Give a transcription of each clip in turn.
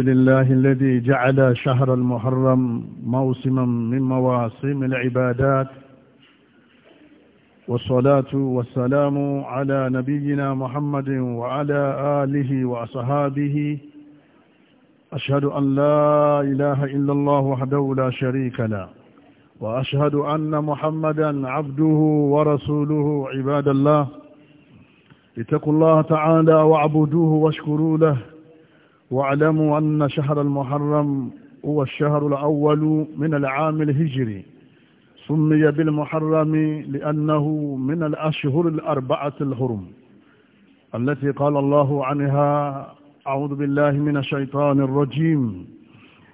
لله الذي جعل شهر المحرم موسما من مواسم العبادات والصلاة والسلام على نبينا محمد وعلى آله وأصحابه أشهد أن لا إله إلا الله وحده لا شريك له وأشهد أن محمدا عبده ورسوله عباد الله اتقوا الله تعالى واعبدوه واشكروا له واعلموا أن شهر المحرم هو الشهر الأول من العام الهجري سمي بالمحرم لأنه من الأشهر الأربعة الهرم التي قال الله عنها أعوذ بالله من الشيطان الرجيم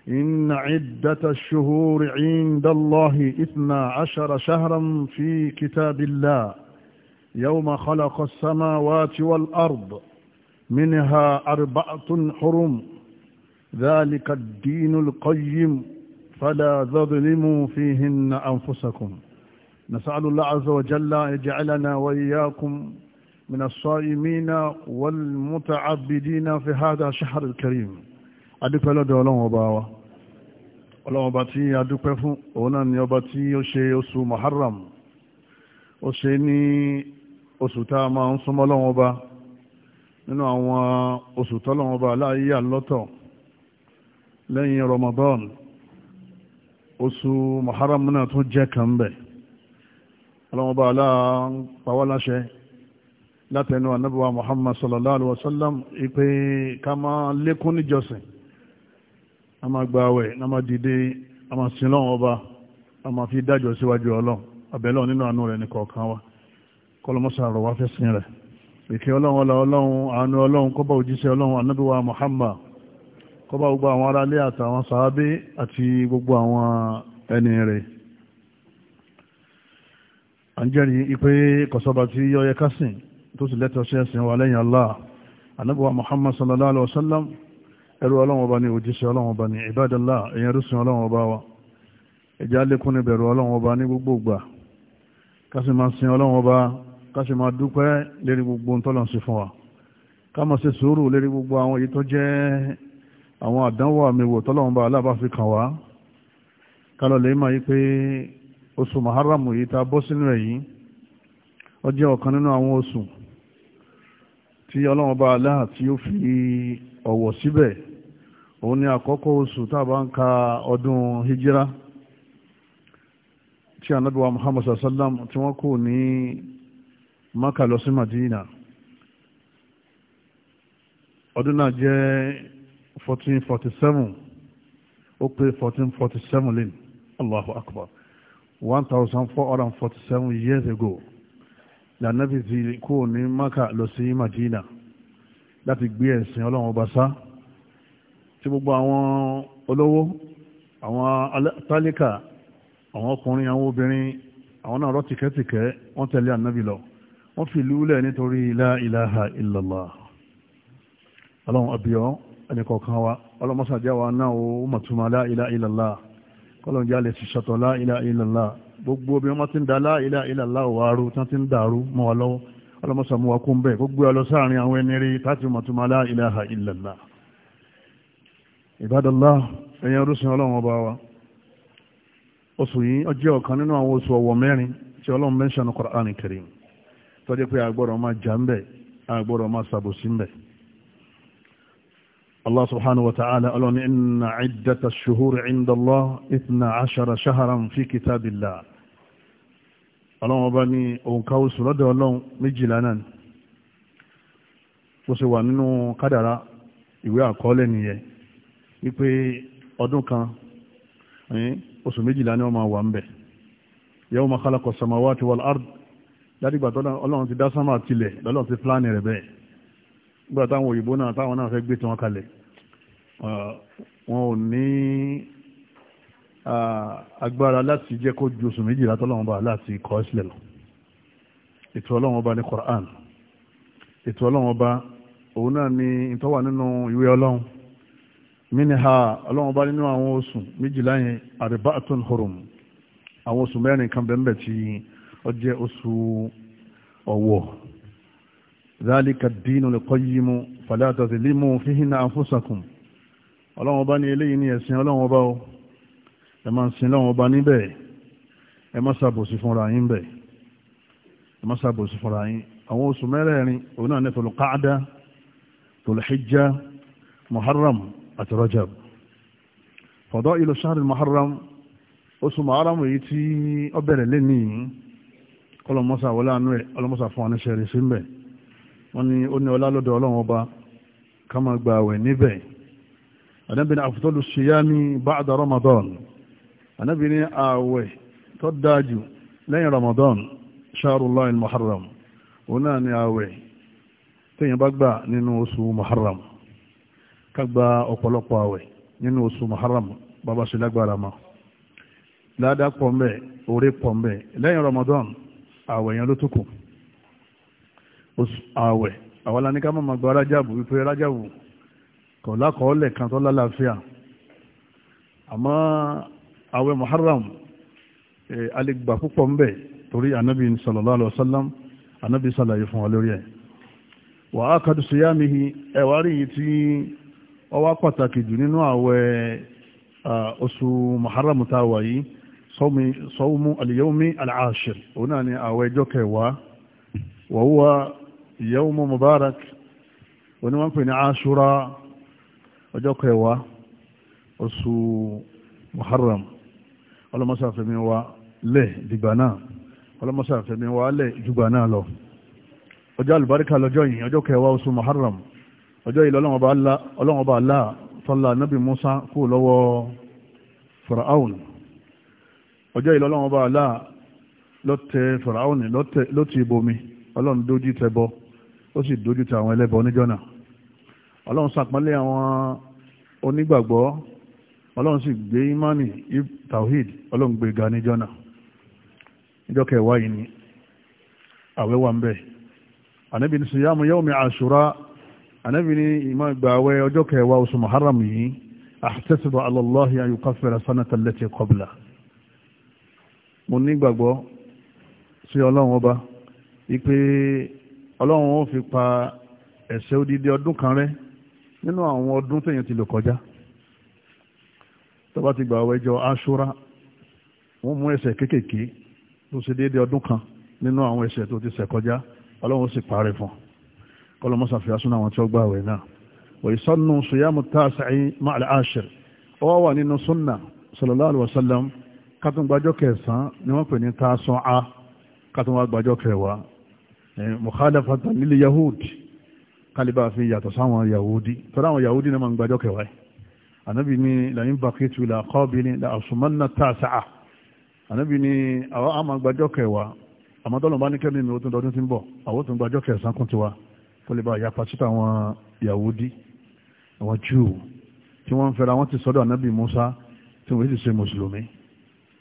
إن عدة الشهور عند الله إثنى عشر شهرا في كتاب الله يوم خلق السماوات والأرض منها أربعة حرم ذلك الدين القيم فلا تظلموا فيهن أنفسكم نسأل الله عز وجل يجعلنا وإياكم من الصائمين والمتعبدين في هذا الشهر الكريم adúpẹ́ lọ́dọ̀ ọlọ́run الله wa ọlọ́run ọba tí a dúpẹ́ fún òun náà ni ọba tí ó ṣe oṣù muharram ó nínú àwọn oṣù tọ́lọ́wọ́n bá aláyé àlọ́tọ̀ lẹ́yìn Ramadan oṣù Muharram náà tún jẹ́ kan bẹ̀ ọlọ́wọ́n bá aláà ń pawọ́ láṣẹ látẹnu anábíwá Muhammad sallallahu alaihi wasallam ipe ká máa lékún níjọsìn a máa gba àwẹ̀ a máa dìde a máa sin lọ́wọ́n ọba a máa fi dájọ́ síwájú ọlọ́run abẹ́lọ́ nínú àánú rẹ̀ nìkọ̀ọ̀kan wa kọlọmọ́sàn rọ̀ wá fẹ́ sin rẹ̀ ìkẹ́ ọlọ́run ọlá ọlọ́run àánú ọlọ́run kọ́bá òjíṣẹ́ ọlọ́run anábíwá Muhammad kọ́bá gbogbo àwọn aráalé àtàwọn sàábé àti gbogbo àwọn ẹni rẹ̀ à ń jẹ́rìí ipé kọ̀sọ́ba tí yọ́yẹ kásìn tó sì lẹ́tọ̀ọ́ Allah anábíwá Muhammad sallallahu káṣe máa dúpẹ́ lérí gbogbo tọ́lọ̀ sí fún wa ká máa ṣe sùúrù lérí gbogbo àwọn èyí tó jẹ́ àwọn àdánwò àmìwò tọ́lọ̀wọ́n bá aláàbá fi kàn wá kálọ̀ lè máa yí pé oṣù maharamu yìí ta bọ́ sínú ẹ̀ yìí ó jẹ́ ọ̀kan nínú àwọn oṣù tí ọlọ́wọ́n bá aláà tí ó fi ọ̀wọ̀ síbẹ̀ òun ni àkọ́kọ́ oṣù tá ń ka ọdún hijira tí anábíwá muhammad sallam tí wọ́n kò ní maka lọ sí madina ọdún náà jẹ́ 1447 ó pé 1447 lẹ́nu allahu akbar 1447 years ago lànàbì ti kó ní maka lọ sí madina láti gbé ẹ̀sìn ọlọ́run ọba sá tí gbogbo àwọn olówó àwọn tálíkà àwọn ọkùnrin àwọn obìnrin àwọn náà rọ́ tìkẹ́tìkẹ́ wọ́n tẹ̀lé ànábì lọ wọ́n fi ìlú lẹ̀ nítorí la ilaha illallah ọlọ́run àbíọ́ ẹnìkọ̀ọ̀kan wa ọlọ́mọ́sàjáwa náà ó mọ̀túnmá la ilaha illallah kọ́lọ̀n jẹ́ alẹ́ ṣiṣọ́tọ̀ la ilaha illallah gbogbo bí wọ́n máa ti ń da la ilaha illallah wà arú tán ti ń dàrú mọ́ wa lọ́wọ́ ọlọ́mọ́sà mú tọ́jú pé agbọ́dọ̀ máa jà ń bẹ̀ agbọ́dọ̀ máa ṣàbòsí ń bẹ̀. Allah subhanahu wa ta'ala ọlọ́ni inna iddata shuhuri inda Allah itna ashara shaharan fi kitabillah ọlọ́run ọba ní òǹkà oṣù lọ́dọ̀ ọlọ́run méjìlá náà ni ó ṣe wà nínú kádàrá ìwé àkọọ́lẹ̀ nìyẹn wípé ọdún kan oṣù méjìlá ni wọ́n máa wà ń bẹ̀ yawma khalaqa samawati wal ard látìgbà tọ́lọ́run ti dá sánmà tilẹ̀ lọ́lọ́run ti fúlàní rẹ̀ bẹ́ẹ̀ nígbà táwọn òyìnbó náà táwọn náà fẹ́ gbé tiwọn kalẹ̀ wọn ò ní agbára láti jẹ́ kó ju oṣù méjìlá tọ́lọ́run bá láti kọ́ sílẹ̀ lọ ètò ọlọ́run ọba ní Qur'an ètò ọlọ́run ọba òun náà ni ìtọ́wà nínú ìwé ọlọ́run mínìhà ọlọ́run bá nínú àwọn oṣù méjìlá yẹn arba'atun hurum àwọn oṣù mẹ́rin kan bẹ́ẹ̀ tí ó jẹ́ oṣù ọ̀wọ̀ zálíkà dínú lẹ́kọ́yìmú fàlátàtì límú fíhínà àfúsàkùn ọlọ́wọ́n bá ní eléyìí ní ẹ̀sìn ọlọ́wọ́n bá ó ẹ máa ń sin lọ́wọ́n bá níbẹ̀ ẹ má ṣàbòsí fúnra yín bẹ̀ ẹ má ṣàbòsí fúnra yín àwọn oṣù mẹ́rẹ̀ẹ̀rin òun náà ní tòlùkáàdá tòlùhíjá muharram àti rajab fọ̀dọ́ ìlú sáré muharram oṣù muharram èyí tí ó bẹ̀rẹ̀ lẹ́nìí kọlọmọsà wọlé àánú ẹ ọlọmọsà fún àníṣe rẹ sí mbẹ wọn ni ó ní ọlá lọ́dọ̀ Ọlọ́run ọba ká gba àwẹ̀ níbẹ̀ ànábì ní àfùtọ́lù ṣìyámi báàdà Ramadan ànábì ní àwẹ̀ tó dájú lẹ́yìn Ramadan ṣáàrùlá in Muharram ó náà ní àwẹ̀ tẹ́yìn bá gbà nínú oṣù Muharram ká gba ọ̀pọ̀lọpọ̀ àwẹ̀ nínú oṣù Muharram bàbá ṣe lágbára lẹ́yìn Ramadan àwẹ̀ yẹn ló tó àwẹ̀ àwọn aláníká ma gba rájàbù wípé rájàbù kò lákọọ́lẹ̀ kan tó lálàáfíà àmọ́ àwẹ̀ muharram alẹ́gbà púpọ̀ ń bẹ torí anábì wa lórí ẹ̀ wà á kàdù sí yámihi ẹwà pàtàkì jù nínú àwẹ̀ oṣù muharram yìí sọ́wọ́mú àlìyàwómi àlàáṣẹ̀ òun náà ni àwẹ̀ ẹjọ́ kẹwàá wọ̀húwa ìyàwómọ́ mubarak òní wọ́n pè ní aṣúra ọjọ́ kẹwàá oṣù muharram ọlọ́mọsáfẹ́mi wa lẹ̀ dìgbà náà ọlọ́mọsáfẹ́mi wa lẹ̀ jùgbà náà lọ ọjọ́ alùbáríkà lọ́jọ́ yìí ọjọ́ kẹwàá oṣù muharram ọjọ́ ilẹ̀ ọlọ́wọ́ba aláà tọ́lá nábì musa kú lọ́wọ́ fìràáùn ọjọ́ ìlú ọlọ́run ọba àlá lọ́tẹ̀ fàràọ́nì lọ́tì ibomi ọlọ́run dójú tẹ bọ ó sì dójú tẹ àwọn ẹlẹ́bọ níjọ́ náà ọlọ́run sàpọ́nlé àwọn onígbàgbọ́ ọlọ́run sì gbé imani tawhid ọlọ́run gbé ga níjọ́ náà níjọ́ kẹwàá yìí ni àwẹ̀ wà ń bẹ̀ ànábì ní siyamu yawmi àṣùrà ànábì ní ìmọ̀ ìgbà àwẹ̀ ọjọ́ kẹwàá oṣù muharram yìí ahtasibu ala Allahi an sanata allati qabla mo nígbàgbọ́ sí ọlọ́run ọba wípé ọlọ́run ó fi pa ẹ̀ṣẹ̀ odidi ọdún kan rẹ́ nínú àwọn ọdún tẹ̀yìn ti lò kọjá tó bá ti gbà wẹjọ aṣúra wọ́n mú ẹ̀ṣẹ̀ kéékèèké tó ṣe déédé ọdún kan nínú àwọn ẹ̀ṣẹ̀ tó ti ṣẹ̀ kọjá ọlọ́run ó sì parẹ́ fún kọlọmọsà fi asúnà àwọn tí ó gbà wẹ̀ náà wòye sọ́nù sùyàmù tàṣà máa àṣẹ ọwọ́ wà nínú súnà sallallahu alaihi wasallam Katun gbàjọ́ kẹsàn ni wọ́n pè ní taasán a kátún wá gbàjọ́ kẹwàá mukhalafatan lil yahudi kálíbà fi yàtọ̀ sáwọn yahudi tọ́lá àwọn yahudi náà máa ń gbàjọ́ kẹwàá ànábì ní làyín bakitu la qabili la asumanna taasa'a ànábì ní àwọn àmà gbàjọ́ kẹwàá àmọ́ tọ́lọ̀ bá ní kẹ́mi mi ó tún dọdún tí ń bọ̀ àwọn tún gbàjọ́ kẹsàn kún tiwa kólíbà yapa títà àwọn yahudi àwọn júù tí wọ́n ń fẹ́ra wọ́n ti sọ́dọ̀ ànábì musa tí wọ́n ti ṣe mùsùlùmí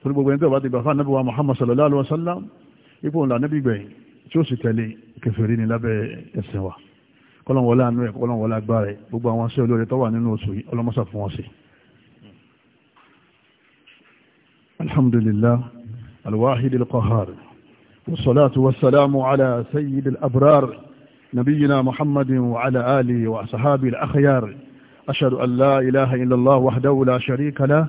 torí gbogbo ẹni tó bá ti gbà fún anábì wa muhammad sallallahu alaihi wa sallam ipò ńlá anábì gbẹ̀yìn tí ó sì tẹ̀lé kèfèrí ní lábẹ́ ẹ̀sìn wa kọ́lọ́wọ́lá anú ẹ̀ kọ́lọ́wọ́lá agbára ẹ̀ gbogbo àwọn sí olóore tó wà nínú oṣù yìí ọlọ́mọ́sà fún wọn sí. alhamdulillah alwahid alqahar wasalaatu wasalaamu ala sayyid alabrar al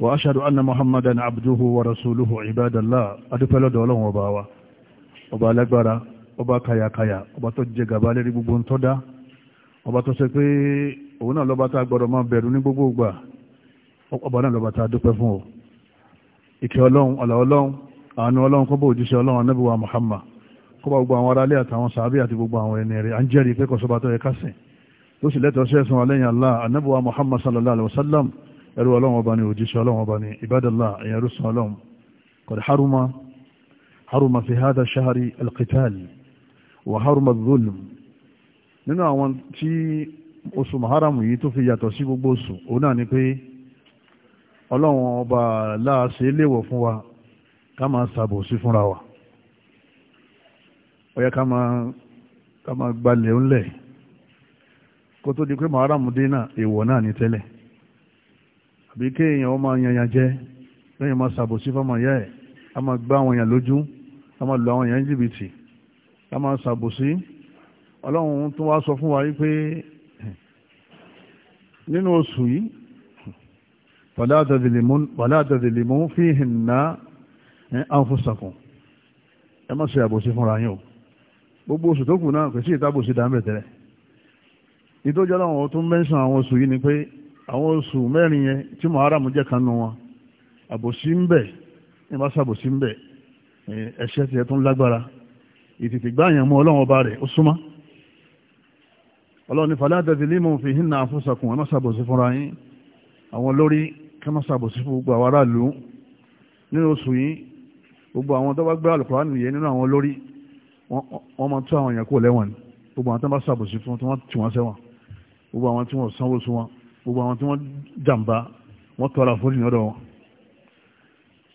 وأشهد أن محمدا عبده ورسوله عباد الله أدفع لدولهم وباوا ọba alágbára ọba kayakaya ọba tó jẹ gàba lérí gbogbo ntọ́ dá ọba tó ṣe pé òun náà lọ́ba tá a gbọ́dọ̀ máa bẹ̀rù ní gbogbo ìgbà ọba náà lọ́ba tá a dúpẹ́ fún o ìkẹ́ ọlọ́run ọ̀là ọlọ́run àánú ọlọ́run kọ́bọ̀ òjíṣẹ́ ọlọ́run anábìwá Muhammad ẹrú ọlọ́run ọba ni òjíṣẹ́ ọlọ́run ọba ni ìbádàlá ẹ̀yà rúsùn ọlọ́run kọ̀dí haruma haruma fi hada ṣahari alqital wa haruma zulm nínú àwọn tí oṣù maharam yìí tó fi yàtọ̀ sí gbogbo oṣù òun náà ni pé ọlọ́run ọba láàṣẹ léwọ̀ fún wa ká máa ṣàbò sí fúnra wa ó yẹ ká máa gbalẹ̀ ńlẹ̀ kó tó di pé maharam dé náà èèwọ̀ náà ní tẹ́lẹ̀ àbí kéèyàn ó máa yanyan jẹ lẹ́yìn máa ṣàbòsí fọmọ ìyá ẹ̀ a máa gbá àwọn èèyàn lójú a máa lu àwọn èèyàn jìbìtì a máa ṣàbòsí ọlọ́run tó wá sọ fún wa wípé nínú oṣù yìí wàlá àtàdìlìmú fíhìn ná àǹfọ̀sàkùn ẹ má ṣe àbòsí fúnra yín o gbogbo oṣù tó kù náà kò sí ìtàbòsí dáńbẹ̀ tẹ́lẹ̀ ìtọ́jú tó ń mẹ́sàn àwọn oṣù yìí ni pé àwọn oṣù mẹ́rin yẹn tí muharam jẹ́ kan wọn àbòsí ń bẹ̀ ní bá sàbòsí ń bẹ ẹ̀ṣẹ̀ tiẹ̀ tún lágbára ìtìtì gbáyàn mú ọlọ́run ọba rẹ̀ ó súnmọ́ ọlọ́run ní falẹ́ àtẹ̀tẹ̀lé mọ̀ fi hìn náà fúnṣàkùn ẹ̀ má sàbòsí fúnra gbogbo àwọn aráàlú nínú oṣù gbogbo àwọn tó bá gbé àlùkò nínú gbogbo àwọn tó bá sàbòsí fún tí wọ́n ti gbogbo àwọn tí wọ́n sanwó gbogbo àwọn tí wọ́n jàǹbá wọ́n tọrọ àforí lọ́dọ̀ wọn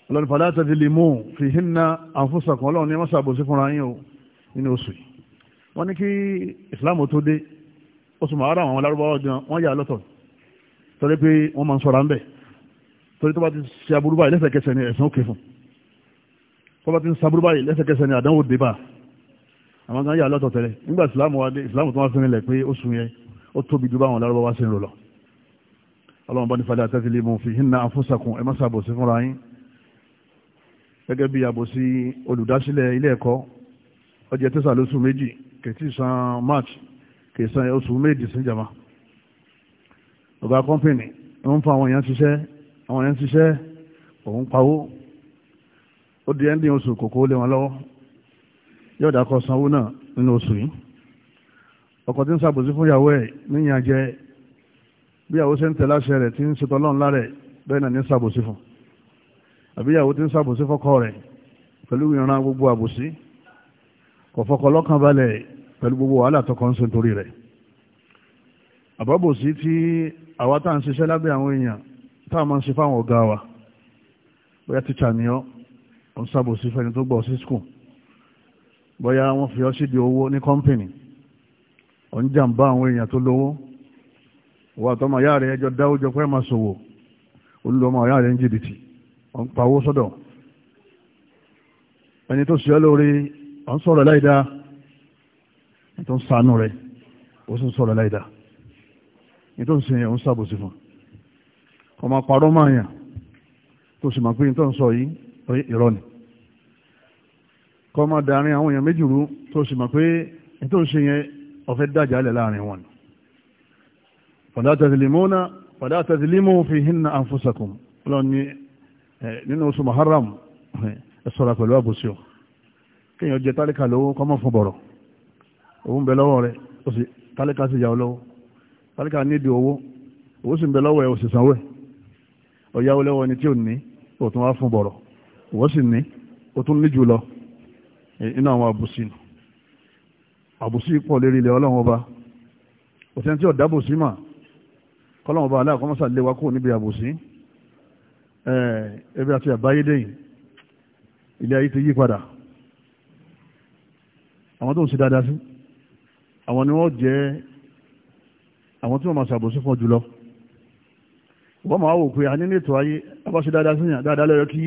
ọlọ́run fàdá tẹ̀lé lè mú fi hinna àǹfọ̀sàkùn ọlọ́run ní wọ́n ṣàbòsí fúnra yín o nínú oṣù yìí wọ́n ní kí ìsìláàmù tó dé oṣù màárà àwọn alárúbáwá gan wọ́n yà lọ́tọ̀ torí pé wọ́n máa ń sọ̀rọ̀ ńbẹ̀ torí tó bá ti ṣe aburú báyìí lẹ́sẹ̀kẹsẹ̀ ni ẹ̀sán òkè fún tó bá ti ń saburú báyìí lẹ́sẹ̀kẹsẹ̀ ni àdánwò dé bá àwọn gan yà lọ́tọ̀ tẹ́lẹ̀ nígbà ìsìláàmù wa dé ìsìláàmù tó wá fi rinlẹ̀ pé oṣù yẹn ó tóbi ju báwọn alárúbáwá ṣe ń rò lọ ọlọ́run bá ní falẹ̀ àtẹ́tí lè mú fi hinna àfúnsàkùn ẹ má ṣàbòsí fúnra yín gẹ́gẹ́ bí àbòsí olùdásílẹ̀ ilé ẹ̀kọ́ ọjọ́ tẹ́sà lóṣù méjì kẹtí san march kẹtí san oṣù méjì sí jama ọ̀gá kọ́mpìnì ń fa àwọn èèyàn ṣiṣẹ́ àwọn èèyàn ṣiṣẹ́ òun pawó ó di ẹ́ndì oṣù kòkó lé wọn lọ́wọ́ yóò dákọ̀ sanwó náà nínú oṣù yìí ọkọ tí ń ṣàbòsí fún ìyàwó ẹ̀ níyànjẹ bí ìyàwó ṣe ń tẹ̀lé àṣẹ rẹ̀ tí ń ṣe tọ́lọ́run lára ẹ̀ bẹ́ẹ̀ náà ní ṣàbòsí fún àbí ìyàwó tí ń ṣàbòsí fọ́kọ rẹ̀ pẹ̀lú ìran gbogbo àbòsí kò fọkọ lọ́kàn balẹ̀ pẹ̀lú gbogbo wàhálà tọkọ ń ṣe torí rẹ̀ àbábòsí tí àwa tá à ń ṣiṣẹ́ lábẹ́ àwọn èèyàn tá a máa ń ṣe fáwọn ọ̀gá wa bóyá tíṣà ni ọ́ ń ṣàbòsí fẹ́ni tó gbọ́ sí skul bóyá wọ́n fi ọ́ wọ́n àtọ́mọ ìyá rẹ̀ ẹjọ́ dáwọ́ jọ pé máa ṣòwò olùlọ́mọ ìyá rẹ̀ ń jìbìtì ọ̀n pawó sọ́dọ̀ ẹni tó ṣe ọ́ lórí ọ̀n sọ̀rọ̀ láìda ẹni tó ń sànú rẹ̀ ó sì ń sọ̀rọ̀ láìda ẹni tó ń sin ẹ̀ ń sàbòsí fún ọmọ parọ́ máa yàn tó sì mọ̀ pé ní tó ń sọ yìí irọ́ ni kọ́ máa darin àwọn èèyàn méjì rú tó sì mọ̀ pé ní tó ń ṣe yẹn ọ̀fẹ́ dájà láàrin wọn wàdá tẹ̀sílímúnà wàdá tẹ̀sílímù fi hinna anfusakum ọlọ́run ní nínú oṣù muharram ẹ sọ̀rọ̀ pẹ̀lú àbòsí ọ kéèyàn jẹ tálíkà lówó kọ́mọ̀ fún bọ̀rọ̀ òun bẹ lọ́wọ́ rẹ ó sì tálíkà sì yà ọ lọ́wọ́ tálíkà nídìí owó owó sì ń bẹ lọ́wọ́ ẹ ó sì sanwó ẹ ọ̀yáwó lọ́wọ́ ẹni tí ò ní òtún wá fún bọ̀rọ̀ ìwọ́ sì ní ó tún ní jùlọ inú àwọn àbùsí àbùsí pọ̀ lérí ilẹ̀ ọlọ́run ọba òtẹ́ntí ọ̀dábùsí mà kọ́lọ́mọba aláàkọ́mọ́sà lé wa kúrò níbi àbòsí ẹbí àti àbáyé dẹ́yìn ilé ayé ti yí padà àwọn tó ń ṣe dáadáa sí àwọn ni wọ́n jẹ́ àwọn tí wọ́n máa ṣàbòsí fún jùlọ wọ́n máa wò pé a ní ètò ayé abáṣe dáadáa sí yàn dáadáa lọ́yọ́ kí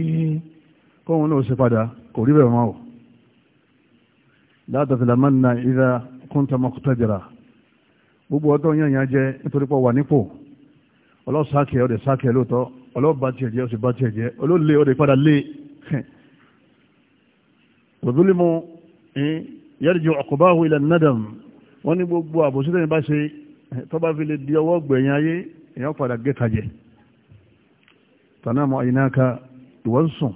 kóhun náà ṣe padà kò rí bẹ̀rẹ̀ máa wò látàtì lamanna ìdá kúntàmọ́kútàjìrà gbogbo ọdọ́ yàn yàn jẹ́ nítorí pọ̀ wà nípò ọlọ́sàkẹ́ ọdẹ sàkẹ́ lóòótọ́ ọlọ́ba tiẹ̀ jẹ́ ọsẹ ba tiẹ̀ jẹ́ olóòlé ọdẹ padà lé òdúlímù yẹ́rìjọ ọ̀kọ̀báwò ilẹ̀ nádàm wọ́n ní gbogbo àbòsílẹ̀ bá ṣe tọ́ba fi lè di ọwọ́ gbẹ̀yìn ayé èèyàn padà gé kajẹ́ tànáàmù àyínáka ìwọ́sùn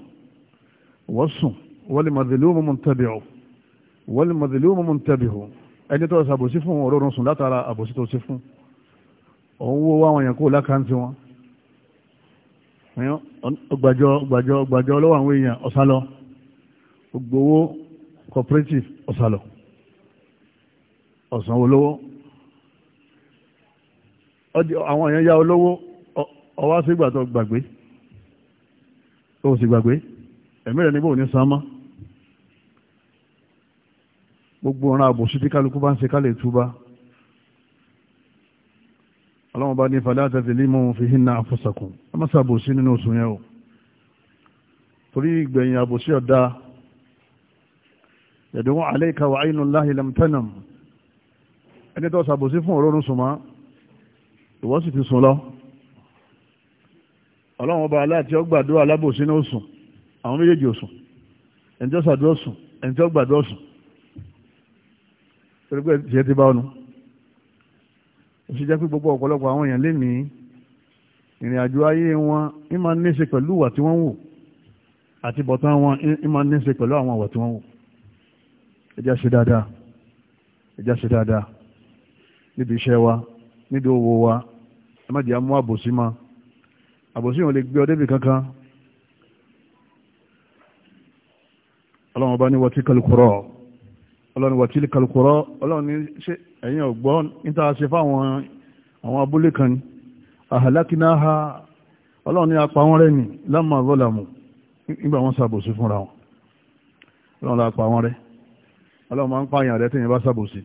ìwọ́sùn wọ́lì màdìlúmù mùntàbíọ̀ wọ́lì màdìlúmù òun wó wá àwọn èèyàn kó lákàntì wọn ọgbàjọ ọgbàjọ ọgbàjọ lọ́wọ́ àwọn èèyàn ọ̀sálọ ògbówó cooperative ọ̀sálọ ọ̀sán olówó àwọn èèyàn ya olówó ọwá sí ìgbà tó gbàgbé tó sì gbàgbé ẹ̀mí rẹ̀ níbò ní sánmọ́ gbogbo ọ̀ràn àbòsí tí kálukú bá ń ṣe kálẹ̀ túbá ọlọ́run bá ní fàlá tazlimu fihinna anfusakum ẹ má ṣàbòsí nínú oṣù yẹn o torí ìgbẹ̀yìn àbòsí ọ̀dá yad'u alayka wa aynu Allahi lam tanam ẹni tó ṣàbòsí fún òrórùn sùnmọ́ ìwọ sì ti sùn lọ ọlọ́run ọba aláàtí ó gbàdúrà alábòsí ní òsùn àwọn méjèèjì òsùn ẹni tó ṣàdúrà sùn ẹni tó gbàdúrà sùn èsì jẹ́ pé gbogbo ọ̀pọ̀lọpọ̀ àwọn èèyàn lénìí ìrìn àjò ayé wọn ń máa ní í ṣe pẹ̀lú ìwà tí wọ́n wò àti bọ̀tán wọn ń máa ní í ṣe pẹ̀lú àwọn ìwà tí wọ́n wò ẹ jẹ́ ṣe dáadáa ẹ ṣe dáadáa níbi iṣẹ́ wa níbi owó wa ẹ má jẹ́ àmú àbòsí ma àbòsí yẹn ò lè gbé ọ kankan ọlọ́run ọba ní wọ́n ti kọlù kúrọ̀ ọlọ́run wà tílé kalùkùrọ́ ọlọ́run ní ṣe ẹ̀yìn ọ̀gbọ́n níta ṣe fáwọn àwọn abúlé kan ní àhàlákínà ha ọlọ́run ní apá wọn rẹ̀ ní lámà rọ́làmù nígbà wọn ṣàbòsí fúnra wọn ọlọ́run lápá wọn rẹ̀ ọlọ́run máa ń pààyàn rẹ̀ tẹ̀yìn bá ṣàbòsí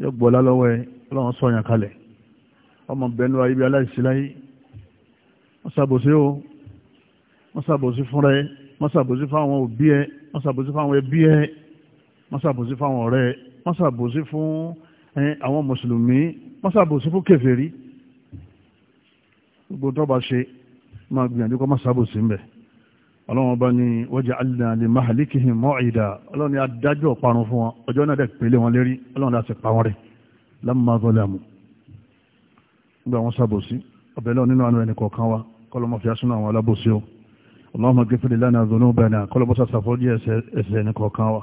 yóò gbọ́lá lọ́wọ́ ẹ ọlọ́run sọ̀yàn kalẹ̀ ọmọ bẹnu ayé bí aláìsí láyé o wọ́n ṣàbòsí fúnra ẹ wọ́n ṣàbòsí fáwọn òbí ẹ wọ́n ṣàbòsí fáwọn ẹbí ẹ wọ́n ṣàbòsí fáwọn ọ̀rẹ́ wọ́n ṣàbòsí fún àwọn mùsùlùmí wọ́n ṣàbòsí fún kèfèrí gbogbo tó bá ṣe máa gbìyànjú kọ́ máa ṣàbòsí ń bẹ̀ ọlọ́run bá ní waja'alna li mahlikihim maw'ida ọlọ́run ní adájọ́ parun fún wọn ọjọ́ náà dẹ̀ pèlè wọn lérí ọlọ́run láti pa wọn rẹ̀ lamma zalamu gbogbo àwọn ṣàbòsí ọbẹ̀ lọ nínú àánú ẹnì kọ̀ọ̀kan wa kọlọmọ fi asúnà àwọn alábòsí o Allahumma ghfir lana dhunubana kọlọmọ sàṣàfọ́jú ẹsẹ̀ ẹnì kọ̀ọ̀kan wa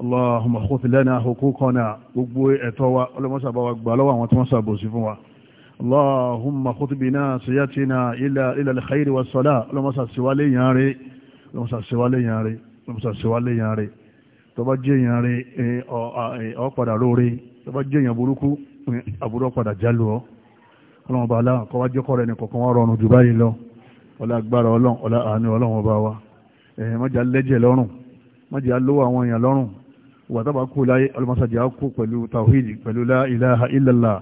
Allahumma khudh lana huquqana gbogbo ẹ̀tọ́ wa ọlọ́mọ́sàbá wa gbà lọ́wọ́ àwọn tí wọ́n sàbòsí fún wa Allahumma khudh bina siyatina ila ila al-khayri was-salah ọlọ́mọ́sàsíwálé yàn rí ọlọ́mọ́sàsíwálé yàn rí ọlọ́mọ́sàsíwálé yàn rí tó bá jẹ́ èèyàn rẹ̀ ọ̀padà lóore tó bá jẹ́ èèyàn burúkú àbúrò ọ̀padà jálù ọ́ ọlọ́mọba aláà kọ́ wá jẹ́kọ́ rẹ̀ nìkọ̀kan wá rọrùn jù báyìí lọ ọlá agbára ọlọ́run ọlá àánú ọlọ́run ọba wa májà lẹ́jẹ̀ lọ́rùn májà lówó àwọn èèyàn lọ́rùn ìwà tábà kú láyé ọlọ́mọsàdì á kú pẹ̀lú tawhidi pẹ̀lú la ilaha illallah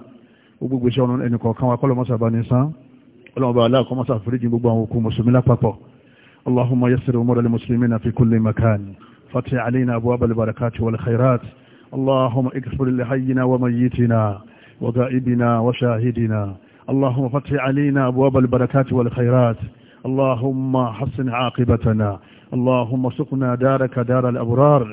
gbogbo iṣẹ́ ọ̀nà ẹnì kọ̀ọ̀kan wa kọ́lọ́mọsà bá ní sán ọlọ́mọba aláàkọ́mọsà fúrídìí gbogbo àwọn òkú mùsùlùmí lápapọ̀ اللهم يسر أمور المسلمين في كل مكان فتح علينا أبواب البركات والخيرات اللهم اغفر لحينا وميتنا وغائبنا وشاهدنا اللهم فتح علينا أبواب البركات والخيرات اللهم حسن عاقبتنا اللهم سقنا دارك دار الأبرار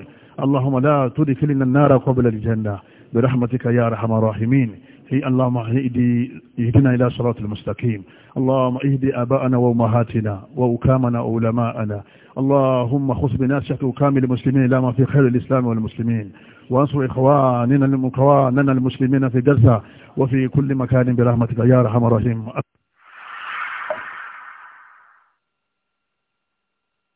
اللهم لا تدخلنا النار قبل الجنة برحمتك يا أرحم الراحمين هي اللهم اهدي اهدنا إلى صراط المستقيم اللهم اهدي آباءنا وأمهاتنا وأكامنا وعلماءنا اللهم خص بناسية أكام المسلمين إلى ما في خير الإسلام والمسلمين وانصر إخواننا المكواننا المسلمين في جزة وفي كل مكان برحمتك يا أرحم الراحمين